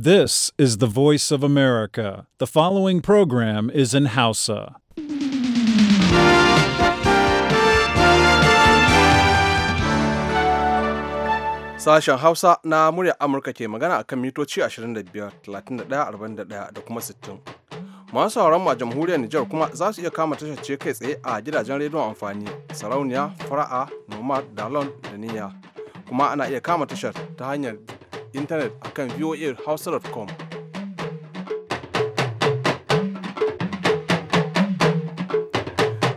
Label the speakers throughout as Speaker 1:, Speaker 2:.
Speaker 1: This is the voice of America. The following program is in Hausa.
Speaker 2: Sashen Hausa na muryar Amurka ke magana a kan mitoci 25, 31, 41 da kuma 60. Masu sauran ma jamhuriyar Nijar kuma za su iya kama tashar kai tsaye a gidajen rediyon amfani, sarauniya, fara'a, nomad, dalon da niyya. Kuma ana iya kama tashar ta hanyar intanet akan voahouse.com.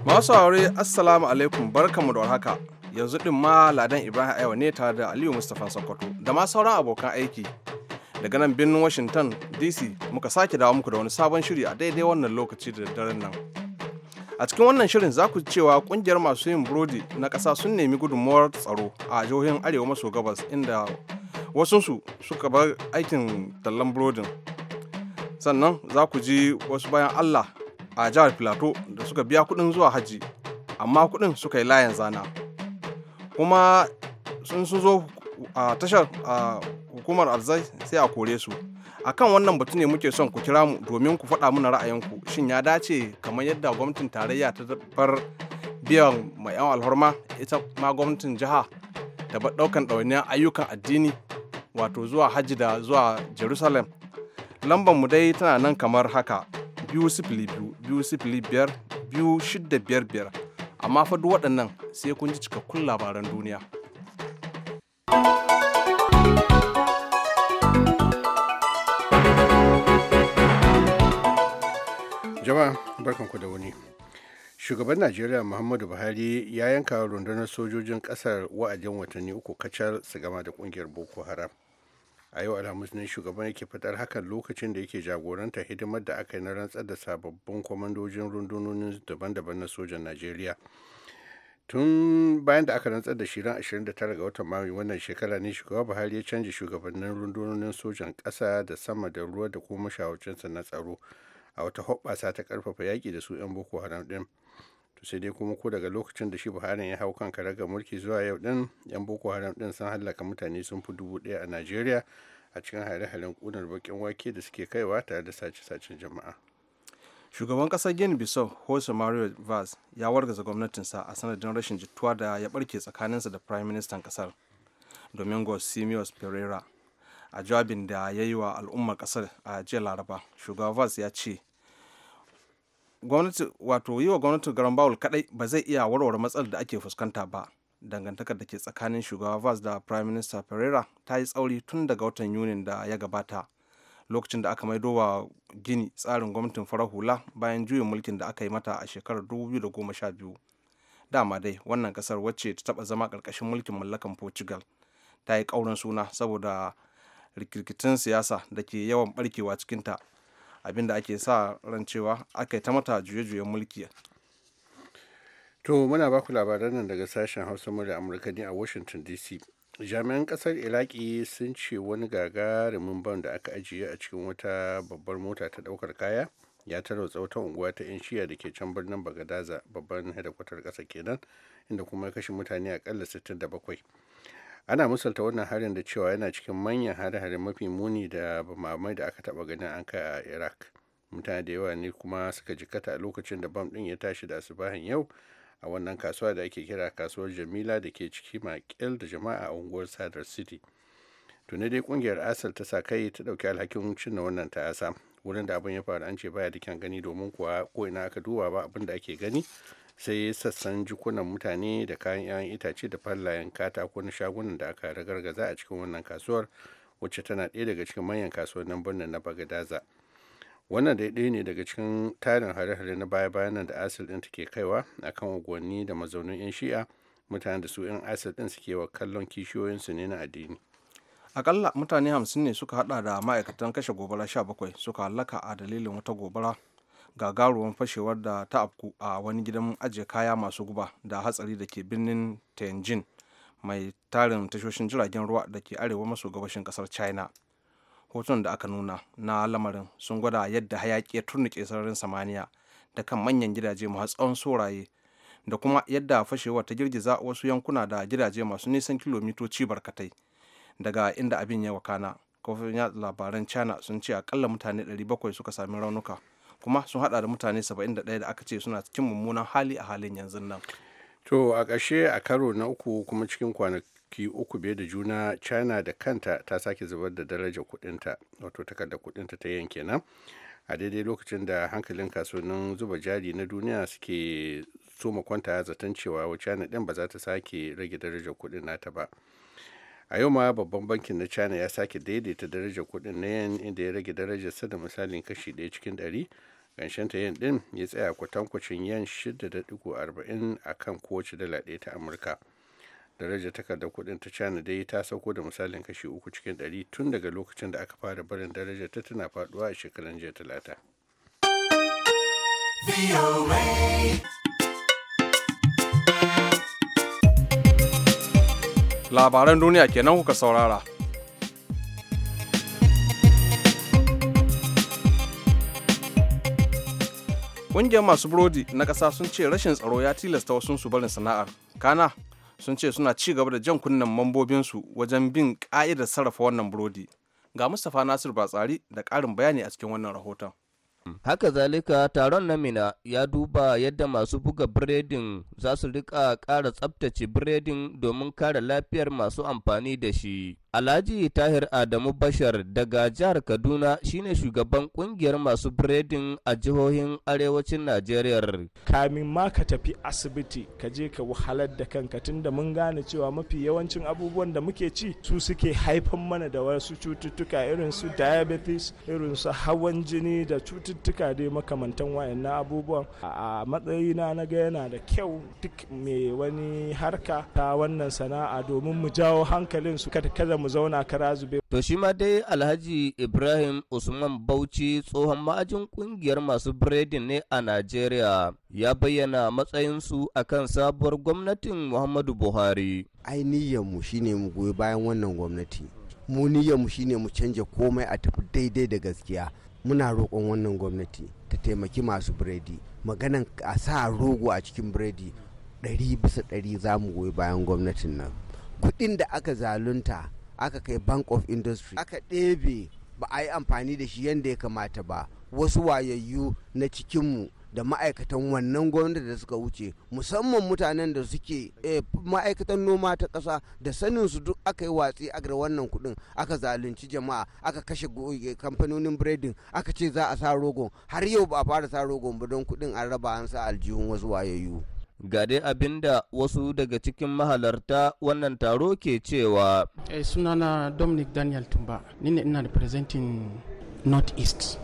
Speaker 2: masu aure assalamu alaikum barkamu da warhaka yanzu ɗin ma ladan ibrahim aiwa ne tare da aliyu mustapha sokoto da ma sauran abokan aiki daga nan birnin washington dc muka sake dawo muku da wani sabon shiri a daidai wannan lokaci da daren nan a cikin wannan shirin za ku cewa kungiyar masu yin burodi na ƙasa sun nemi gudunmuwar tsaro a jihohin arewa maso gabas inda wasusu suka bar aikin tallan burodin sannan za ku ji wasu bayan allah a jihar filato da suka biya kudin zuwa hajji amma kudin suka yi layin zana kuma sun su zo a tashar hukumar arzai sai a kore su akan wannan batu ne muke son ku kira mu domin ku faɗa mana ra'ayinku shin ya dace kamar yadda gwamnatin tarayya ta bar biyan mai yan alhorma ita ma gwamnatin jiha da ɗaukan ɗawainiyar ayyukan addini wato zuwa hajji da zuwa jerusalem lambar mu dai tana nan kamar haka biyu sifili biyu biyu sifili biyar biyu shidda biyar biyar amma fa duk waɗannan sai kun ji cikakkun labaran
Speaker 3: duniya jama'a barkanku da wani shugaban najeriya muhammadu buhari ya yanka rundunar sojojin kasar wa'adin watanni uku kacal su gama da kungiyar boko haram a yau alhamis ne shugaban yake fitar hakan lokacin da yake jagoranta hidimar da aka yi na rantsar da sababbin kwamandojin rundunonin daban-daban na sojan najeriya tun bayan da aka rantsar da shirin 29 ga watan mayu wannan shekara ne shugaba buhari ya canza shugabannin rundunonin sojan ƙasa da sama da ruwa da kuma shawarcinsa na tsaro a wata hoɓɓasa ta karfafa yaƙi da su 'yan boko haram ɗin to sai dai kuma ko daga lokacin da shi buhari ya hau kan karagar mulki zuwa yau din yan boko haram din sun hallaka mutane sun fi dubu ɗaya a najeriya a cikin hare-haren ƙunar bakin wake da suke kaiwa tare da sace-sacen jama'a
Speaker 2: shugaban kasar guinea bissau jose mario vaz ya wargaza gwamnatinsa a sanadin rashin jituwa da ya barke tsakaninsa da prime minister kasar domingo simios pereira a jawabin da ya yi wa al'ummar kasar a jiya laraba shugaban vaz ya ce gwamnati wato yi wa gwamnatin garan bawul kadai ba zai iya warware matsalar da ake fuskanta ba dangantakar da ke tsakanin shugaba vaz da prime minister pereira ta yi tsauri tun daga watan yunin da ya gabata lokacin da aka maido wa gini tsarin gwamnatin farar hula bayan juyin mulkin da aka yi mata a shekarar 2012 dama dai wannan kasar wacce ta taba zama karkashin mulkin mallakan portugal ta yi kaurin suna saboda rikirkitin siyasa da ke yawan barkewa cikinta abinda ake sa ran cewa aka yi ta mata juye-juyen
Speaker 3: mulki to muna baku labaran nan daga sashen hausa murya amurka ne a washington dc jami'an kasar iraki sun ce wani gagarumin ban da aka ajiye a cikin wata babbar mota ta daukar kaya ya tarwatsa wata unguwa ta 'yan shiya da ke can birnin bagadaza babban hedakwatar kasa kenan inda kuma ya kashe mutane akalla 67 ana misalta wannan harin da cewa yana cikin manyan hare-hare mafi muni da bamamai da aka taba ganin an kai a iraq mutane da yawa ne kuma suka jikata a lokacin da bam din ya tashi da asubahin yau a wannan kasuwa da ake kira kasuwar jamila da ke ciki makil da jama'a a unguwar sadar city tuni dai kungiyar asal ta sa kai ta dauki alhakin cinna wannan ta'asa wurin da abin ya faru an ce baya da kyan gani domin kuwa ko ina aka duba ba abin da ake gani sai sassan jikunan mutane da kayan 'ya'yan itace da fallayen katako na shagunan da aka ragargaza a cikin wannan kasuwar wacce tana ɗaya daga cikin manyan kasuwar kasuwannin birnin na bagadaza wannan daidai ne daga cikin tarin hare-hare na baya-bayan nan da asil ɗin take kaiwa akan unguwanni da mazaunin 'yan shi'a mutane da su 'yan asil ɗin suke wa kallon kishiyoyinsu ne na addini akalla mutane hamsin ne suka hada da
Speaker 2: ma'aikatan kashe gobara 17 suka halaka a dalilin wata gobara gagaruwan fashewar da ta afku a wani gidan ajiye kaya masu guba da hatsari da ke birnin Tianjin mai tarin tashoshin jiragen ruwa da ke arewa maso gabashin kasar China. Hoton da aka nuna na lamarin sun gwada yadda hayaki ya turnike sararin samaniya da kan manyan gidaje masu tsawon soraye da kuma yadda fashewar ta girgiza wasu yankuna da gidaje masu nisan kilomitoci barkatai daga inda abin ya wakana. kofin labaran china sun ce akalla mutane 700 suka sami raunuka kuma sun hada da mutane 71 da aka ce suna cikin mummunan hali a halin yanzu nan
Speaker 3: to a ƙashe a karo na uku kuma cikin kwanaki uku biye da juna china da kanta ta sake zubar da darajar kudinta wato takarda kudinta ta yanke nan a daidai lokacin da hankalin kasuwannin zuba jari na duniya suke soma kwanta zaton cewa china ɗin ba za ta sake rage darajar kudin nata ba a yau ma babban bankin na china ya sake daidaita darajar kudin na yan inda ya rage darajar sa da misalin kashi ɗaya cikin ɗari ƙanshen ta yin din ya tsaya kwatankwacin yan 6.40 a kan kowace dala ɗaya ta amurka daraja takardar kuɗin ta china dai ta sauko da misalin kashi uku cikin ɗari tun daga lokacin da aka fara barin daraja ta tana faɗuwa a shekaran jiya talata
Speaker 2: labaran duniya kenan kuka saurara ƙungiyar masu burodi na ƙasa sun ce rashin tsaro ya tilasta wasu su barin sana'ar kana sun ce suna ci gaba da jan kunnen mambobinsu wajen bin ƙa'idar sarrafa wannan burodi ga mustapha nasir batsari da ƙarin bayani a cikin wannan rahoton Haka zalika
Speaker 4: taron na Mina ya duba yadda masu buga biredin za su rika ƙara tsabtace biredin domin kare lafiyar masu amfani da shi. Alhaji Tahir Adamu Bashar daga jihar Kaduna shine shugaban kungiyar masu biredin a jihohin arewacin Najeriya. Kamin ma ka tafi asibiti ka je ka wahalar da kanka tunda mun gane cewa mafi yawancin abubuwan da muke ci su suke haifan mana da wasu cututtuka irin su diabetes, irin su hawan jini da cututtuka dai makamantan wayannan abubuwan. A matsayina na ga yana da kyau duk mai wani harka ta wannan sana'a domin mu jawo hankalin su kada mu zauna kara zube. To shi ma dai Alhaji Ibrahim Usman Bauchi tsohon ma'ajin kungiyar masu biredin ne a Najeriya ya bayyana matsayinsu a kan sabuwar gwamnatin Muhammadu Buhari.
Speaker 5: Ai mu ne mu goyi bayan wannan gwamnati. Mu mu ne mu canja komai a tafi daidai da gaskiya. Muna roƙon wannan gwamnati ta taimaki masu biredi. Maganan a sa rogo a cikin biredi ɗari bisa ɗari za mu goyi bayan gwamnatin nan. Kuɗin da aka zalunta aka kai bank of industry aka ɗebe ba a yi amfani da shi yadda ya kamata ba wasu wayayyu na cikinmu da ma'aikatan wannan gwamnati da suka wuce musamman mutanen da suke eh, ma'aikatan noma ta ƙasa da sanin su duk aka yi watsi a wannan kuɗin aka zalunci jama'a aka kashe eh, kamfanonin biredin aka ce za a sa rogon har yau ba a fara sa rogon ba don kuɗin an raba
Speaker 4: an sa aljihun wasu wayayyu Ga dai abin da wasu daga cikin mahalarta wannan taro ke cewa.
Speaker 6: Eh, sunana Dominic Daniel Tumba, ni ne ina representing North East.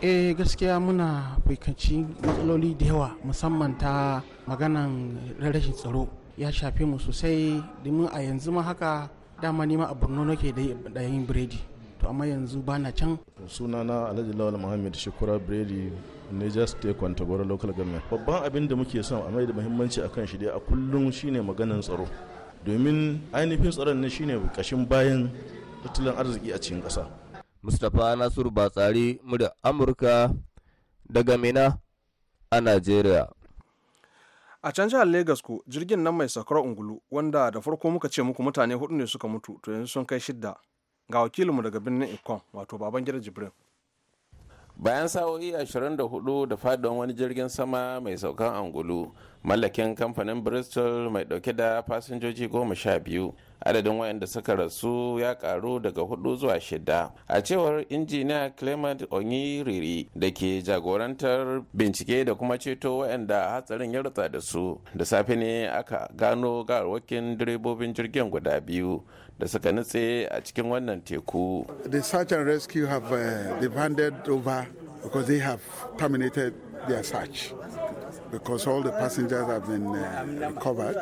Speaker 6: Eh gaskiya muna fuskanci matsaloli da yawa musamman ta maganan rashin tsaro ya shafe mu sosai domin a yanzu ma haka dama nima a borno nake da yin biredi to amma yanzu bana can
Speaker 7: sunana alhaji lawal muhammad shukura biredi Niger State Kwantagoro Local Government. Babban abin da muke son a mai da muhimmanci a kan shi dai a kullum shine maganan tsaro. Domin ainihin tsaron ne shine kashin bayan tattalin arziki a cikin ƙasa. Mustapha
Speaker 2: Nasiru Batsari murya Amurka daga Mina a Najeriya. A can jihar Legas ku jirgin nan mai sakar ungulu wanda da farko muka ce muku mutane hudu ne suka mutu to yanzu sun kai shidda ga wakilinmu daga birnin Ikon wato baban Babangida Jibrin.
Speaker 6: bayan sa'o'i 24 da faduwan wani jirgin sama mai saukan angulu mallakin kamfanin bristol mai dauke da fasinjoji goma sha biyu adadin wayanda suka rasu ya karu daga hudu zuwa shida a cewar injiniya clement onyiriri da ke jagorantar bincike da kuma ceto wayanda hatsarin ya rutsa da su da safe ne aka gano garwakin direbobin jirgin guda biyu da suka nutse a cikin wannan teku the search and rescue have uh, over because they have terminated their search because all the passengers have been uh, recovered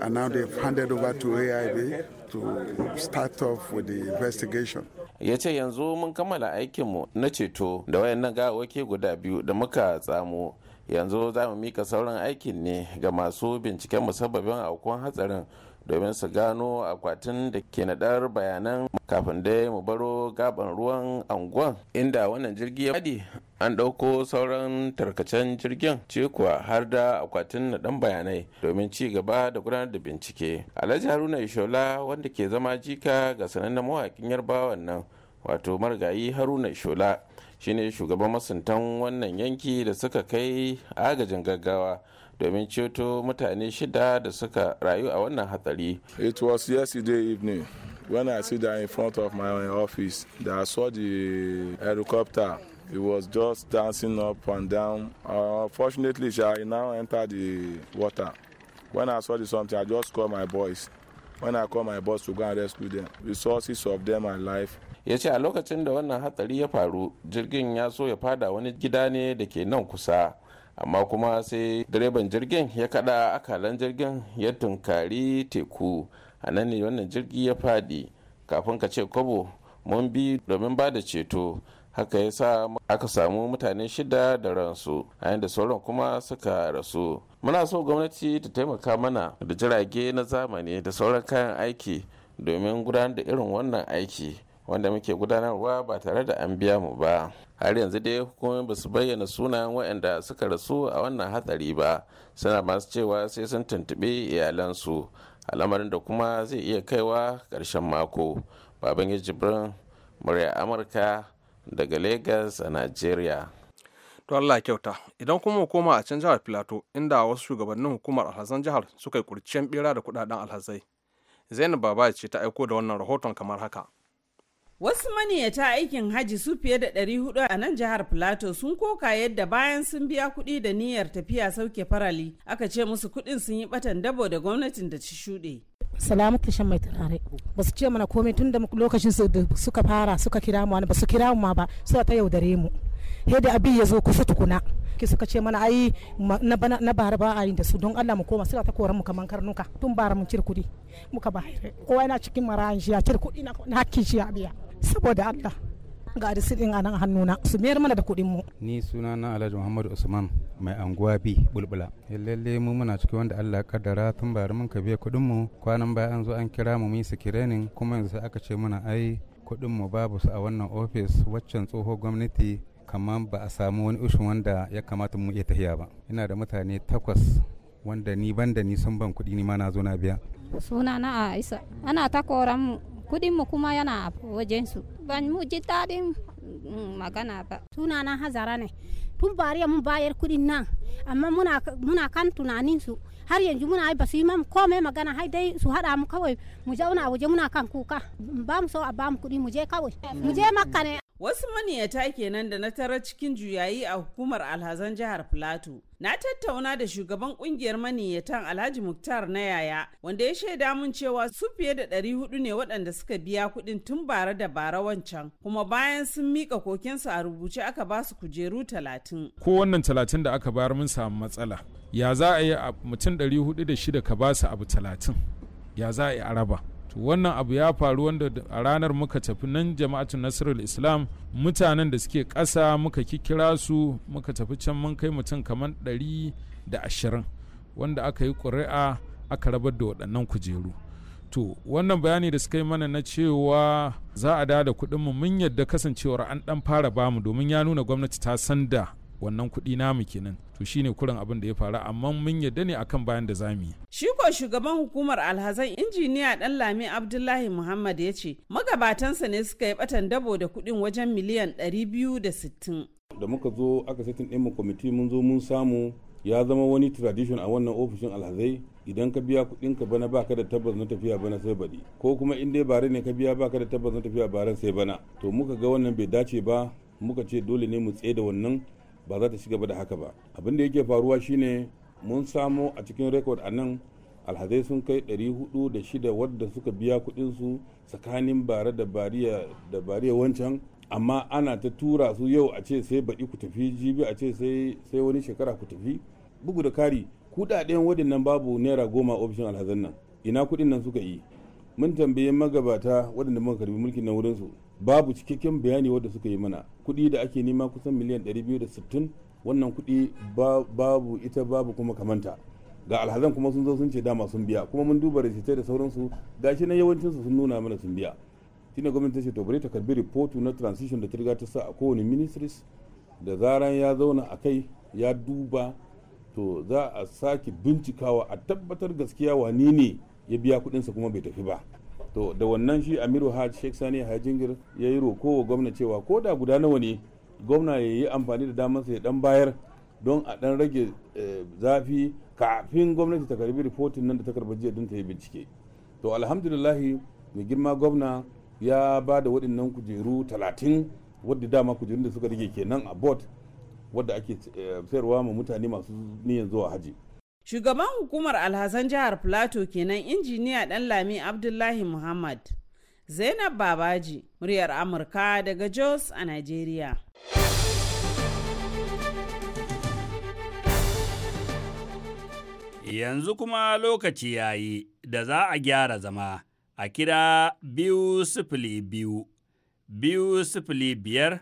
Speaker 6: and now they've handed over to AIB to start off with the investigation. ya ce yanzu mun kammala aikinmu na ceto da wayannan gawaki guda biyu da muka tsamo yanzu za mu mika sauran aikin ne ga masu binciken musabbabin aukuwan hatsarin domin su gano akwatin da ke naɗar bayanan kafin dai mu baro gaban ruwan anguwan inda wannan jirgi ya faɗi an ɗauko sauran tarkacen jirgin ce kuwa har da akwatin naɗan bayanai domin ci gaba da gudanar da bincike alhaji haruna ishola wanda ke zama jika ga sanannen mawaƙin yarbawan nan wato marigayi haruna ishola shine shugaban masuntan wannan yanki da suka kai agajin gaggawa domin ceto mutane shida da suka rayu a wannan hatsari
Speaker 7: it was yesterday evening when i sit down in front of my office that i saw the helicopter It was just dancing up and down. Uh, fortunately, I now enter the water. When I saw the something, I just called my boys. When I called my boys to go and rescue them, we saw six of them alive.
Speaker 6: ya ce a lokacin da wannan hatsari ya faru jirgin ya so ya fada wani gida ne da ke nan kusa amma kuma sai direban jirgin ya kada akalan jirgin ya tunkari teku a nan ne wannan jirgi ya faɗi kafin ka ce kwabo mun bi domin ba da ceto haka ya sa aka samu mutane shida da ransu a yadda sauran kuma suka rasu muna so gwamnati ta taimaka mana da jirage na zamani da sauran kayan aiki domin gudanar da irin wannan aiki wanda muke gudanarwa ba tare da an biya mu ba har yanzu dai hukumomi ba su bayyana sunayen waɗanda suka rasu a wannan hatsari ba suna masu cewa sai sun tuntuɓe iyalansu al'amarin da kuma zai iya kaiwa karshen mako baban ya jibrin murya amurka daga lagos a nigeria
Speaker 2: to allah kyauta idan kuma koma a can jihar filato inda wasu shugabannin hukumar alhazan jihar suka yi kurciyar bera da kudaden alhazai zainab baba ce ta aiko da wannan rahoton kamar haka
Speaker 1: Wasu maniyata aikin haji su fiye da 400 a nan jihar Filato sun koka yadda bayan sun biya kuɗi da niyyar tafiya sauke farali aka ce musu kuɗin sun yi batan dabo da gwamnatin da ci shuɗe. ta shan mai turare ba su ce mana komai tun da lokacin suka fara suka kira mu ba su kira mu ma ba suka ta yaudare mu Hede abi ya zo kusa tukuna ki suka ce mana ai na bara ba a yi da su don Allah mu koma suka ta koran mu kamar karnuka tun bara mun cire kuɗi muka bayar kowa yana cikin marayan shi cire kuɗi na hakkin shi a biya saboda Allah ga risidin a nan hannuna su mayar mana da kuɗin mu
Speaker 8: ni suna na Alhaji Muhammadu Usman mai anguwa bi bulbula lalle mu muna cikin wanda Allah ya kaddara tun bari mun ka biya kuɗin mu kwanan baya an zo an kira mu mu yi kuma yanzu aka ce muna ai kuɗin mu babu su a wannan ofis waccan tsohon gwamnati kamar ba a samu wani ushin wanda ya kamata mu iya tafiya ba ina da mutane takwas wanda ni ban da ni sun ban kuɗi ni ma na zo na biya
Speaker 1: suna na Aisha ana takoran mu kuɗinmu kuma yana wajensu ban mu ji daɗin Mm, magana ba suna na hazara ne tun bariya mun bayar kudin nan
Speaker 8: amma muna kan tunanin su har yanzu muna ba su yi mam komai magana hai dai su hada mu
Speaker 1: kawai mu zauna waje muna kan kuka ba mu so a ba mu kudi mu je kawai mu je makka ne wasu maniyata kenan da na tara cikin juyayi a hukumar alhazan jihar plateau na tattauna da shugaban kungiyar maniyatan alhaji muktar na yaya wanda ya shaida mun cewa su fiye da 400 ne waɗanda suka biya kuɗin tun bara da bara wancan kuma bayan sun an mika kokensu a rubuce aka ba su kujeru talatin.
Speaker 7: ko wannan talatin da aka bayar mun samu matsala ya za a yi mutum ɗari hudu da shida ka ba su abu talatin ya za a yi araba to wannan abu ya faru wanda a ranar muka tafi nan jama'atun nasarar islam mutanen da suke ƙasa muka kikira su muka tafi can mun kai mutum kamar ɗari da ashirin wanda aka yi ƙuri'a aka rabar da waɗannan kujeru to wannan bayani da suka yi mana na cewa za a da da kuɗinmu mun yadda kasancewar an dan fara bamu domin ya nuna gwamnati ta san da wannan kuɗi namu kenan to shine kurin abin da ya faru amma mun yadda ne akan bayan da zamu yi
Speaker 1: shi ko shugaban hukumar alhazan injiniya dan lami abdullahi muhammad ya ce magabatansa ne suka yi batan dabo da kuɗin wajen miliyan ɗari biyu da
Speaker 7: muka zo aka setin ɗin mu kwamiti mun zo mun samu ya zama wani tradition a wannan ofishin alhazai idan ka biya kuɗinka ka bana baka da tabbas na tafiya bana sai baɗi ko kuma in dai bare ne ka biya baka da tabbas na tafiya bare sai bana to muka ga wannan bai dace ba muka ce dole ne mu tsaye da wannan ba za ta shiga ba da haka ba abin da yake faruwa shine mun samo a cikin rekod a nan alhazai sun kai 406 wadda suka biya su tsakanin bare da bariya da bariya wancan amma ana ta tura su yau a ce sai baɗi ku tafi jibi a ce sai wani shekara ku tafi bugu da kari kudaden waɗannan babu naira goma ofishin alhazan nan ina kuɗin nan suka yi mun tambaye magabata wadanda muka karbi mulkin nan wurinsu babu cikakken bayani wanda suka yi mana kuɗi da ake nema kusan miliyan 260 wannan kuɗi babu ita babu kuma kamanta ga alhazan kuma sun zo sun ce dama sun biya kuma mun duba rasitai da sauransu gashi na yawancinsu sun nuna mana sun biya shine gwamnati ce to bari ta karbi report na transition da ta ta sa a kowane ministries da zaran ya zauna a kai ya duba to za a sake bincikawa a tabbatar gaskiya wane ne ya biya sa kuma bai tafi ba to da wannan shi amiru hajj sheikh sani hajjingir ya yi roko wa gwamna cewa ko da guda nawa ne gwamna ya yi amfani da damarsa ya dan bayar don a dan rage eh, zafi kafin gwamnati ta karbi rifotin nan da ta karbi jiya don ta yi bincike to alhamdulillahi mai girma gwamna ya ba da waɗannan kujeru talatin wadda dama kujerun da suka rage kenan a bot. wadda ake eh, sayarwa ma mutane masu niyan zuwa haji
Speaker 1: shugaban hukumar alhazan jihar plateau kenan injiniya dan lami abdullahi muhammad zainab babaji muryar amurka daga jos a Najeriya.
Speaker 8: yanzu kuma lokaci yayi da za a gyara zama a kira biyu sifili biyu biyu sifili biyar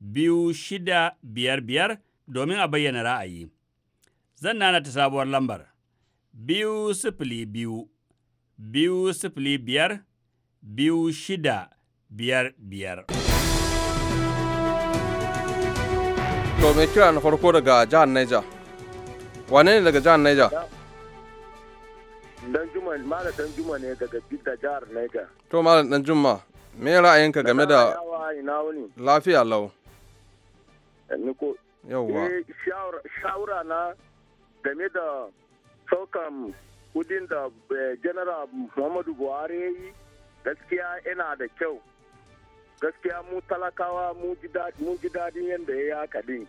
Speaker 8: biyu shida biyar biyar domin a bayyana ra'ayi. Zan nana ta sabuwar lambar biyu sifili biyu, biyu sifili biyar, biyu shida biyar biyar. To mai kira na farko daga jihar Niger.
Speaker 2: Wane ne daga jihar Niger?
Speaker 9: Dan Juma, Dan Juma ne daga Bidda jihar Niger.
Speaker 2: To Malam Dan Juma, me ra'ayinka game da lafiya lau? Eh,
Speaker 9: shawara na game da saukan kudin da eh, general muhammadu buhari ya yi gaskiya yana da kyau gaskiya mu talakawa mun ji daɗin yadda ya yi haka din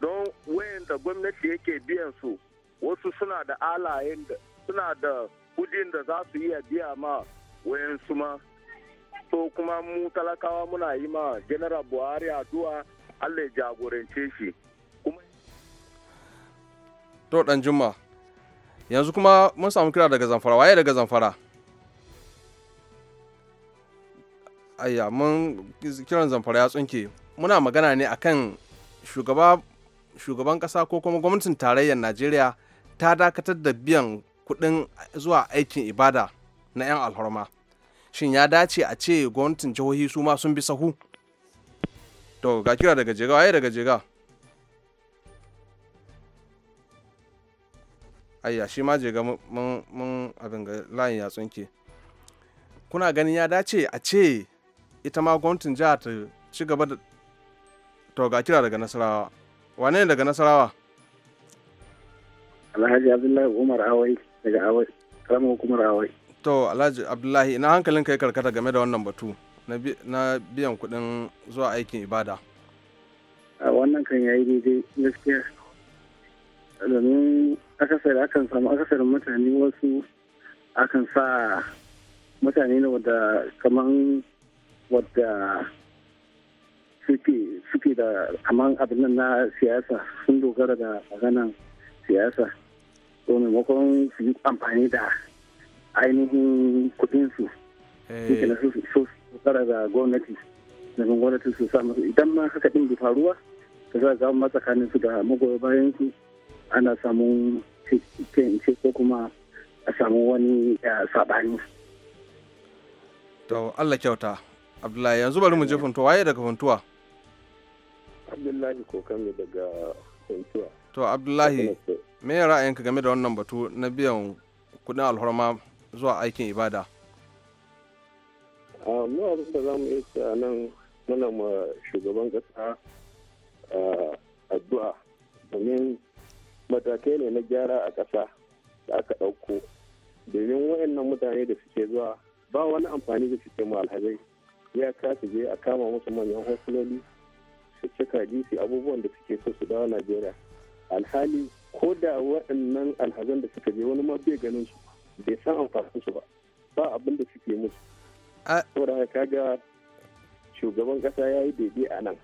Speaker 9: don wayan da gwamnati yake biyan su wasu suna da alayen suna da kudin da za su iya biya ma wayan su ma so kuma mu talakawa muna yi ma general buhari addu'a Allah ya jagorance shi kuma
Speaker 2: to dan juma yanzu kuma mun samu kira daga zamfara waye daga zamfara ayya mun kiran zamfara ya tsunke muna magana ne akan shugaba shugaban kasa ko kuma gwamnatin tarayyar najeriya ta dakatar da biyan kudin zuwa aikin ibada na 'yan alhorma shin ya dace a ce gwamnatin jihohi su ma sun bi sahu to ga kira daga jega ai daga jega ayya shi ma jega mun abin ga layin ya tsunke kuna ganin ya dace a ce ita ma gwamnatin jihar ta ci gaba da to ga kira daga nasarawa wane ne daga nasarawa
Speaker 9: alhaji abdullahi umar awai daga awai karamar hukumar awai
Speaker 2: to alhaji abdullahi ina hankalin kai karkata game da wannan batu na biyan kuɗin zuwa aikin ibada
Speaker 9: a wannan kan yayi daidai gaskiya domin akasar akan samu akasarin mutane wasu akan sa mutane ne wadda kaman wadda suke da kaman abin nan na siyasa sun dogara da maganan siyasa to maimakon su yi amfani da ainihin kudinsu su so tsara ga gwamnati domin gwamnati su samu idan ma haka din bai faruwa ta za a samu matsakanin su da magoya bayan su ana samun ce ko kuma a samu wani eh, saɓani.
Speaker 2: To Allah kyauta. Abdullahi yanzu bari mu je funtuwa waye daga funtuwa?
Speaker 9: Abdullahi ko kame daga funtuwa.
Speaker 2: To Abdullahi me ra'ayinka game da wannan batu na biyan kudin alhorma zuwa aikin ibada?
Speaker 9: mu abin da za mu yi a nan muna ma shugaban kasa addu'a domin matakai ne na gyara a ƙasa da aka ɗauko domin wayannan mutane da suke zuwa ba wani amfani da suke mu alhazai ya kasa je a kama musu manyan hotunoli su cika jisi abubuwan da suke so su dawo najeriya alhali ko da waɗannan alhazan da suka je wani ma bai ganin su bai san amfani su ba ba abin da suke musu saboda kaga shugaban kasa ya yi daidai a nan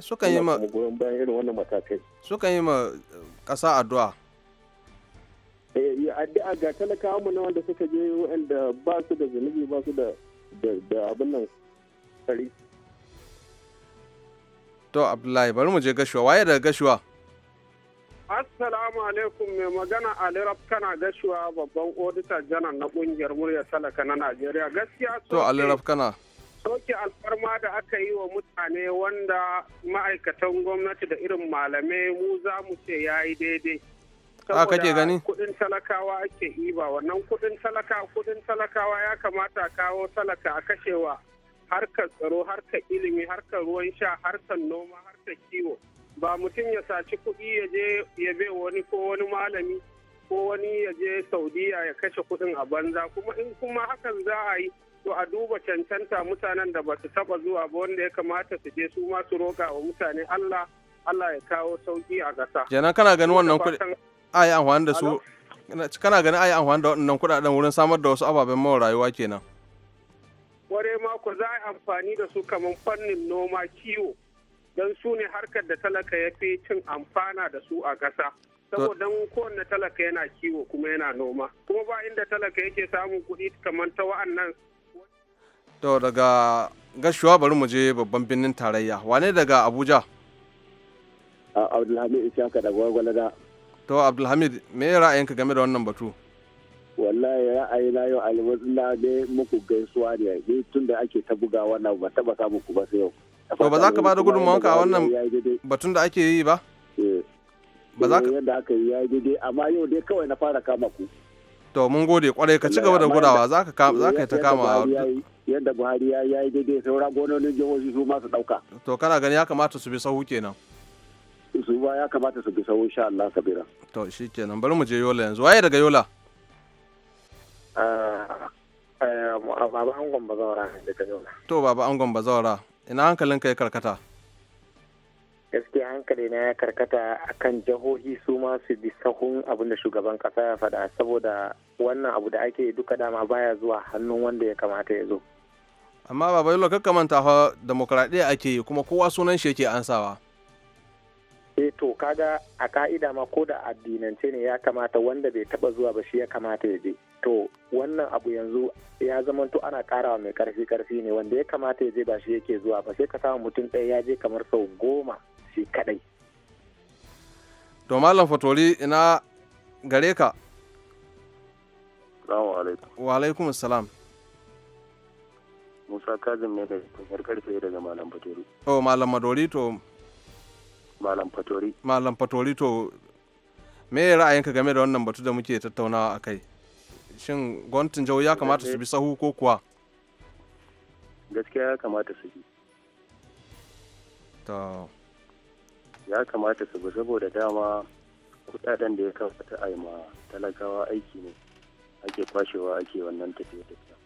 Speaker 9: suka yi ma goyon bayan irin wannan matakai
Speaker 2: suka yi ma eh, kasa addu'a
Speaker 9: eh addu'a ga talakawa mu na wanda suka je wanda ba su da zunubi ba su da da abin nan kari
Speaker 2: to abdullahi bari mu je gashuwa waye daga gashuwa
Speaker 9: Assalamu alaikum mai magana Ali Rab kana gashuwa babban odita janar na kungiyar murya talaka na Najeriya gaskiya so
Speaker 2: Ali Rab kana
Speaker 9: soke alfarma da aka yi wa mutane wanda ma'aikatan gwamnati da irin malamai mu za mu ce ya yi daidai. A kake gani? Kudin talakawa ake iba wannan kudin talaka kudin talakawa ya kamata kawo talaka a kashewa harkar tsaro harkar ilimi harkar ruwan sha harkar noma harkar kiwo. ba mutum ya saci kuɗi ya je ya bai wani ko wani malami ko wani ya je saudiya ya kashe kuɗin a banza kuma in kuma hakan za a yi to a duba cancanta mutanen da ba su taɓa zuwa ba wanda ya kamata su je su ma su roƙa wa mutane allah allah ya kawo sauki a ƙasa. kenan kana ganin wannan kuɗi
Speaker 2: a yi amfani da su kana ganin a amfani da waɗannan kuɗaɗen wurin samar da wasu ababen mawa rayuwa kenan.
Speaker 9: ware mako za a yi amfani da su kamar fannin noma kiwo don su ne harkar da talaka ya fi cin amfana da su a ƙasa. saboda kowanne talaka yana kiwo kuma yana noma kuma ba inda talaka yake samun kuɗi kamar ta wa'annan
Speaker 2: to daga gashuwa bari mu je babban birnin tarayya wane daga abuja
Speaker 9: abdulhamid ishaka gwagwale da.
Speaker 2: to abdulhamid me ra'ayinka game da wannan batu
Speaker 9: wallahi ra'ayi na yau alhamdulillah ne muku gaisuwa ne tun da ake ta buga wannan ba taba samu ku ba sai yau To ba za ka bada gudunmawanka a wannan
Speaker 2: batun da ake yi ba? Eh. Ba za ka yadda aka yi
Speaker 9: yayi daidai amma yau dai kawai na fara kama ku.
Speaker 2: To mun gode kwarai ka ci gaba da gudawa za ka yi ta kama a
Speaker 9: yadda Buhari ya yi daidai saura gononin jihohi su masu dauka.
Speaker 2: To kana gani ya kamata su bi sahu kenan.
Speaker 9: Su ba ya kamata su bi sahu insha Allah kabira.
Speaker 2: To shi kenan bari mu je Yola yanzu waye daga Yola?
Speaker 9: Ah, eh, Baba Angon Bazawara daga Yola.
Speaker 2: To Baba Angon Bazawara ina hankalin ka ya karkata
Speaker 9: gaskiya hankali na ya karkata akan jihohi su ma su bi sahun abin da shugaban kasa ya faɗa saboda wannan abu da ake duka dama baya zuwa hannun wanda ya kamata ya zo
Speaker 2: amma ba bai lokaka manta fa demokradiyya ake yi kuma kowa sunan shi yake ansawa
Speaker 9: eh to kaga a ka'ida ma ko da addinance ne ya kamata wanda bai taɓa zuwa ba shi ya kamata ya je to wannan abu yanzu ya zamanto ana karawa mai karfi karfi ne wanda ya kamata ya je ba shi yake zuwa ba sai ka samu mutum ɗaya ya je kamar sau goma shi kadai
Speaker 2: to malam fatori ina gare ka
Speaker 9: salamu alaikum
Speaker 2: wa alaikum salam
Speaker 9: musa kazim ne da kusur karfe daga malam fatori
Speaker 2: oh malam madori to
Speaker 9: malam fatori
Speaker 2: malam fatori to me ra'ayinka game da wannan batu da muke tattaunawa a kai shin gwamnatin jihohi ya kamata su bi sahu ko kuwa
Speaker 9: gaskiya ya kamata su bi ya kamata su bi saboda dama kudaden da ya kamata a yi ma talakawa aiki ne ake kwashewa ake wannan tafiye tafiya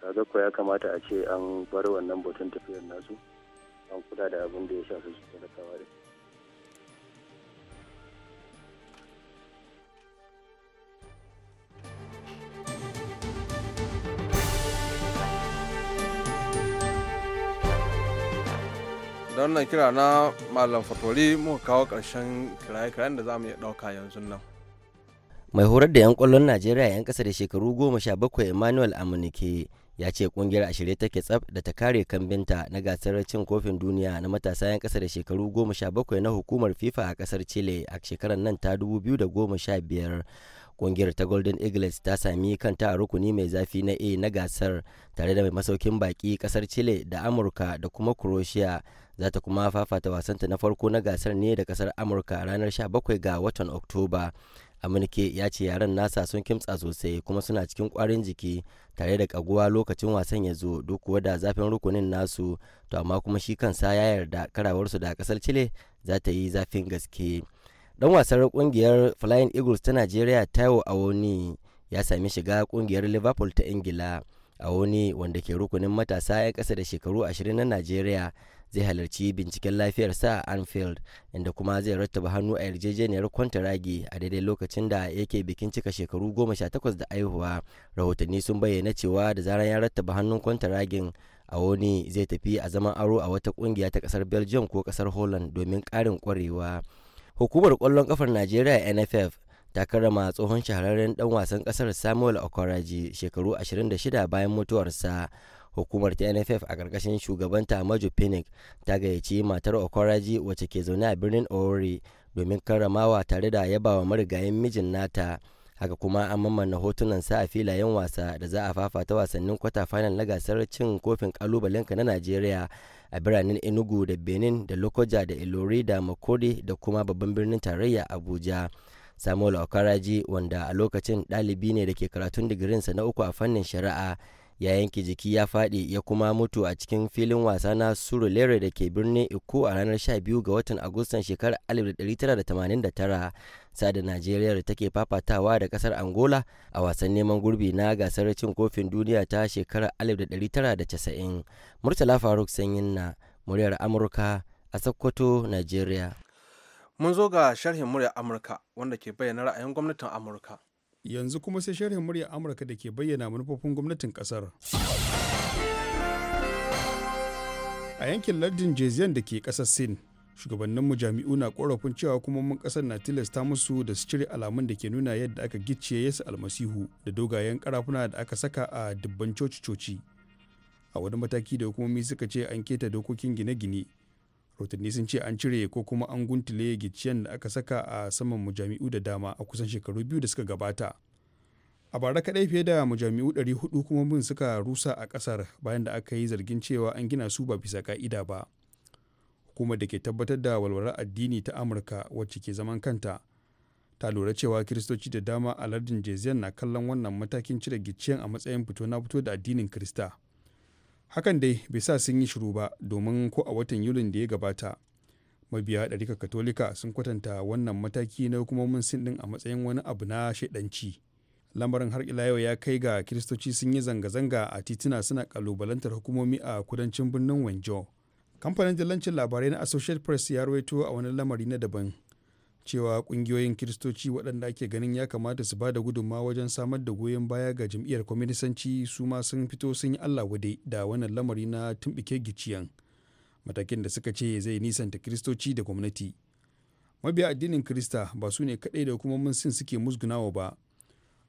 Speaker 4: kaga ko ya kamata a ce an bar wannan batun tafiyar nasu an kula da abin da ya shafi su talakawa da su.
Speaker 2: da wannan kira na malam fatori muka kawo ƙarshen kiraye-kirayen da za mu iya ɗauka yanzu nan
Speaker 5: mai horar da 'yan kwallon najeriya 'yan ƙasa da shekaru goma sha bakwai emmanuel amunike ya ce kungiyar a take tsaf da ta kare kambinta na gasar cin kofin duniya na matasa 'yan kasa da shekaru bakwai na hukumar fifa a kasar chile a shekarar nan ta da sha biyar kungiyar ta Golden Eagles ta sami kanta a rukuni mai zafi na A na gasar tare da mai masaukin baki kasar Chile da Amurka da kuma Croatia za ta kuma fafata wasanta na farko na gasar ne da kasar Amurka ranar 17 ga watan Oktoba. Amurke ya ce yaran nasa sun kimtsa sosai kuma suna cikin kwarin jiki tare da kaguwa lokacin wasan ya zo duk kuwa da zafin rukunin nasu to amma kuma shi kansa ya yarda karawarsu da kasar chile za ta yi zafin gaske dan wasan kungiyar flying eagles ta najeriya taiwo awoni ya sami shiga kungiyar liverpool ta ingila awoni wanda ke rukunin matasa 'ya kasa da shekaru ashirin na najeriya zai halarci binciken lafiyarsa a anfield inda kuma zai rattaba hannu a yarjejeniyar kwantaragi a daidai lokacin da yake bikin cika shekaru goma sha 18 da aihuwa rahotanni sun bayyana cewa da zarar ya rattaba hannun kwantaragin a wani zai tafi a zaman aro a wata kungiya ta kasar belgium ko kasar holland domin karin kwarewa Hukumar Kwallon ƙafar Najeriya NFF ta karrama tsohon shahararren dan wasan ƙasar Samuel Okoraji shekaru 26 bayan mutuwarsa. Hukumar ta NFF a ƙarƙashin shugabanta Maju Pinnick ta gayyaci matar Okoraji wacce ke zaune a birnin ori domin karramawa tare da yabawa marigayin mijin nata. haka kuma an mamana hotunan sa a filayen wasa da za a fafata wasannin kwata final na gasar cin kofin kalubalen na Najeriya a biranen enugu da benin da lokoja da ilori da makode da kuma babban birnin tarayya abuja samuel okaraji wanda a lokacin ɗalibi ne da ke karatun digirinsa na uku a fannin shari'a ya yanke jiki ya faɗi ya kuma mutu a cikin filin wasa na lere da ke birnin iko a ranar 12 ga watan agustan shekarar 1989 sada najeriya da take fafatawa da kasar angola a wasan neman gurbi na gasar cin kofin duniya ta shekarar 1990 murtala faruk sanyin na muryar amurka a sokoto najeriya
Speaker 2: mun zo ga sharhin muryar amurka wanda ke bayyana ra'ayin gwamnatin amurka
Speaker 8: yanzu kuma sai sharhin muryar amurka da ke bayyana manufofin gwamnatin kasar a yankin lardin jezian da ke kasar sin shugabanninmu jami'u na korafin cewa kuma mun kasar na tilasta musu da su cire alamun da ke nuna yadda aka gicciye yesu almasihu da dogayen karafuna da aka saka a dubban coci-coci a wani mataki da hukumomi suka ce an keta dokokin gine-gine rahotanni sun ce an cire ko kuma an guntule gicciyen da aka saka a saman mujami'u da dama a kusan shekaru biyu da suka gabata a bara kaɗai fiye da mujami'u 400 kuma bin suka rusa a kasar bayan da aka yi zargin cewa an gina su ba bisa ka'ida ba hukumar da ke tabbatar da walwalar addini ta amurka wacce ke zaman kanta ta lura cewa kiristoci da dama a lardin jeziyan na kallon wannan matakin cire gicciyen a matsayin fito na fito da addinin kirista hakan dai bai sa sun yi shiru ba domin ko a watan yulin da ya gabata mabiya ɗarika katolika sun kwatanta wannan mataki na hukumomin sin ɗin a matsayin wani abu na shaidanci lamarin har ila yau ya kai ga kiristoci sun yi zanga-zanga a tituna suna kalubalantar hukumomi a kudancin birnin wanjo kamfanin dillancin labarai na associate press ya rawaito a wani lamari na daban cewa kungiyoyin kiristoci waɗanda ake ganin ya kamata su ba da gudunmawa wajen samar da goyon baya ga jam'iyyar kwaminisanci su ma sun fito sun yi allah wade da wannan lamari na tumɓike giciyan matakin da suka ce zai nisanta kiristoci da gwamnati mabiya addinin kirista ba su ne kaɗai da hukumomin sin suke musgunawa ba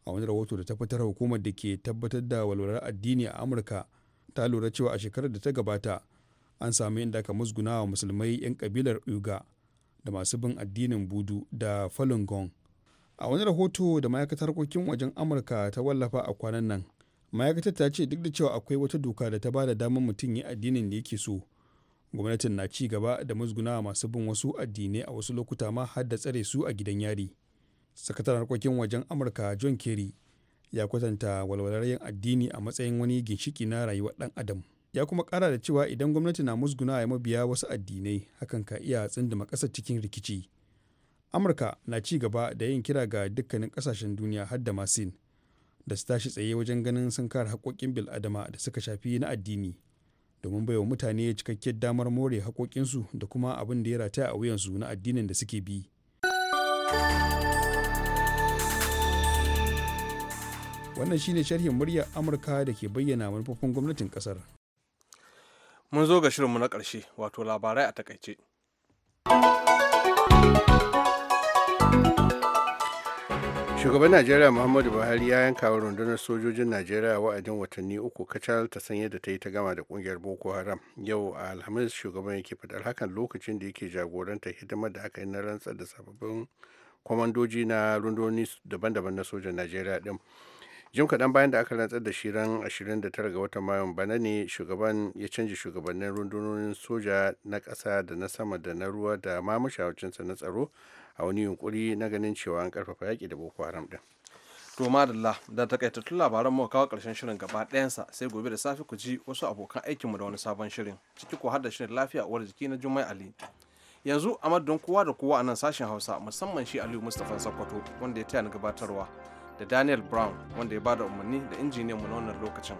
Speaker 8: a wani rahoto da ta fitar hukumar da ke tabbatar da walwalar addini a amurka ta lura cewa a shekarar da ta gabata an sami inda aka musgunawa musulmai 'yan kabilar uga da masu bin addinin budu da falun gong a wani rahoto da ma'aikatar harkokin wajen amurka ta wallafa a kwanan nan ma'aikatar ta ce duk da cewa akwai wata doka da ta ba da damar mutum ya addinin da yake so gwamnatin na ci gaba da musguna masu bin wasu addinai a wasu lokuta ma har da tsare su a gidan yari sakataren harkokin wajen amurka john kerry ya kwatanta walwalar yin addini a matsayin wani ginshiki na rayuwar dan adam ya kuma kara da cewa idan gwamnati na musguna ya mabiya wasu addinai hakan ka iya tsinda ƙasar cikin rikici amurka na ci gaba da yin kira ga dukkanin ƙasashen duniya har da masin da su tashi tsaye wajen ganin sun kare haƙoƙin bil'adama da suka shafi na addini domin baiwa mutane cikakkiyar damar more haƙoƙinsu da kuma abin da ya rataya a wuyansu na addinin da suke bi. wannan shine sharhin muryar amurka da ke bayyana manufofin gwamnatin kasar
Speaker 2: mun zo ga shirinmu na ƙarshe
Speaker 3: wato labarai a takaice. shugaban najeriya muhammadu buhari ya yanka wa rundunar sojojin najeriya wa'adin watanni uku kacal ta san da ta yi ta gama da kungiyar boko haram yau a alhamis shugaban yake fadar hakan lokacin da yake jagoranta hidimar da aka yi na rantsar da sababbin kwamandoji na rundunoni daban-daban na sojan najeriya din jim kaɗan bayan da aka rantsar da shi ran 29 ga watan mayun bana ne shugaban ya canza shugabannin rundunonin soja na ƙasa da na sama da na ruwa da ma mashawarcinsa na tsaro a wani yunkuri na ganin cewa an karfafa yaƙi da boko haram ɗin to madalla da takaitattun labaran mu kawo
Speaker 2: karshen shirin gaba ɗayansa sai gobe da safe ku ji wasu abokan aikinmu da wani sabon shirin ciki ko har da shirin lafiya uwar jiki na jummai ali yanzu a don kowa da kowa a nan sashen hausa musamman shi aliyu mustapha sokoto wanda ya taya ni gabatarwa da daniel brown wanda ya bada umarni da injiniyan mu na wannan lokacin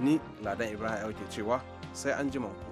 Speaker 2: ni ladan ibrahim ke cewa sai an ku.